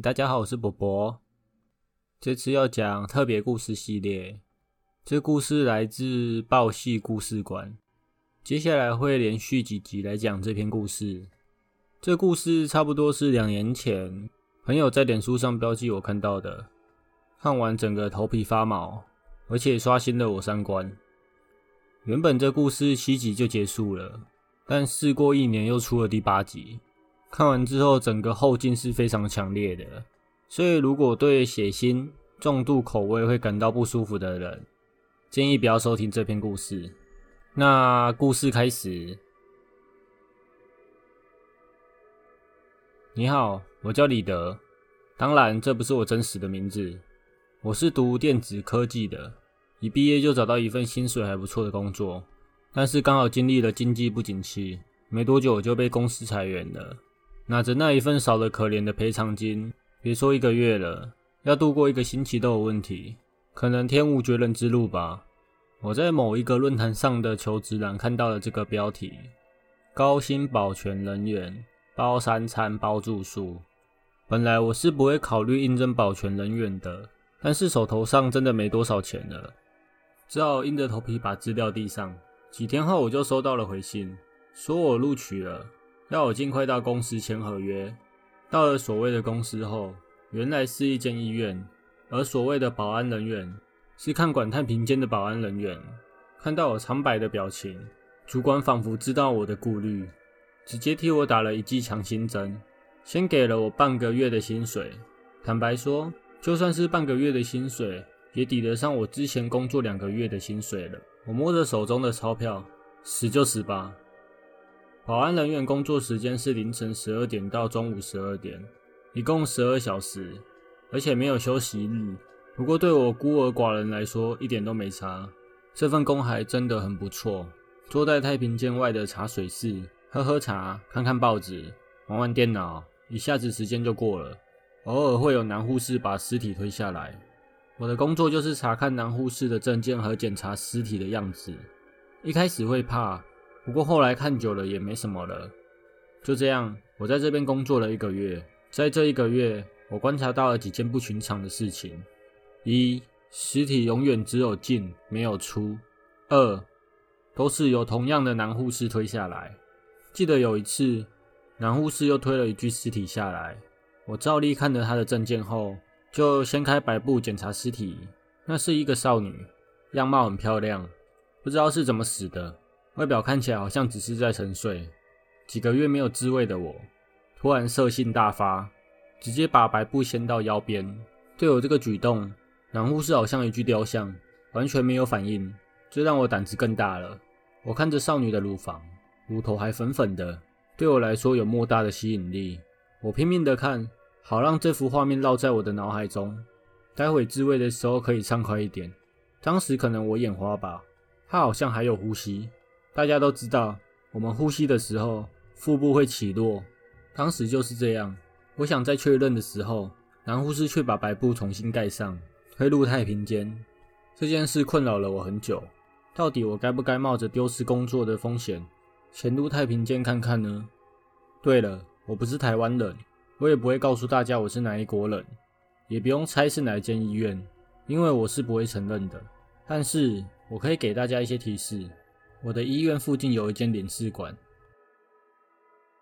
大家好，我是伯伯。這次要講特別故事系列，這故事來自爆系故事館。接下來會連續幾集來講這篇故事。這故事差不多是兩年前，朋友在臉書上標記我看到的，看完整個頭皮發毛，而且刷新了我三觀。原本這故事七集就結束了，但事過一年又出了第八集。看完之後，整個後勁是非常強烈的。所以，如果對血腥、重度口味會感到不舒服的人，建議不要收聽這篇故事。那，故事開始。你好，我叫李德，當然這不是我真實的名字。我是讀電子科技的，一畢業就找到一份薪水還不錯的工作，但是剛好經歷了經濟不景氣，沒多久我就被公司裁員了。拿着那一份少得可憐的賠償金，別說一個月了，要度過一個星期都有問題。可能天無絕人之路吧。我在某一個論壇上的求職欄看到了這個標題：高薪保全人員，包三餐包住宿。本來我是不會考慮應徵保全人員的，但是手頭上真的沒多少錢了，只好硬着頭皮把資料遞上。幾天後，我就收到了回信，說我錄取了。要我盡快到公司簽合約。到了所謂的公司後，原來是一間醫院，而所謂的保安人員是看管太平間的保安人員。看到我蒼白的表情，主管仿佛知道我的顧慮，直接替我打了一劑強心針，先給了我半個月的薪水。坦白說，就算是半個月的薪水，也抵得上我之前工作兩個月的薪水了。我摸着手中的鈔票，死就死吧。保安人員工作時間是凌晨十二點到中午十二點，一共十二小時，而且沒有休息日。不過對我孤兒寡人來說一點都沒差，這份工還真的很不錯。坐在太平間外的茶水室，喝喝茶，看看報紙，玩玩電腦，一下子時間就過了。偶爾會有男護士把屍體推下來，我的工作就是查看男護士的證件和檢查屍體的樣子。一開始會怕。不過後來看久了也沒什麼了，就這樣，我在這邊工作了一個月，在這一個月，我觀察到了幾件不尋常的事情：一，屍體永遠只有進沒有出；二，都是由同樣的男護士推下來。記得有一次，男護士又推了一具屍體下來，我照例看了他的證件後，就掀開白布檢查屍體。那是一個少女，樣貌很漂亮，不知道是怎麼死的。外表看起來好像只是在沉睡。幾個月沒有自慰的我，突然色性大發，直接把白布掀到腰邊。對我這個舉動，男護士好像一具雕像，完全沒有反應，這讓我膽子更大了。我看着少女的乳房，乳頭還粉粉的，對我來說有莫大的吸引力。我拼命的看，好讓這幅畫面烙在我的腦海中，待會自慰的時候可以暢快一點。當時可能我眼花吧，她好像還有呼吸。大家都知道，我們呼吸的時候腹部會起落。當時就是這樣。我想再確認的時候，男護士卻把白布重新蓋上，推入太平間。這件事困擾了我很久。到底我該不該冒着丟失工作的風險潛入太平間看看呢？對了，我不是台灣人，我也不會告訴大家我是哪一國人，也不用猜是哪一間醫院，因為我是不會承認的。但是我可以給大家一些提示。我的醫院附近有一間領事館。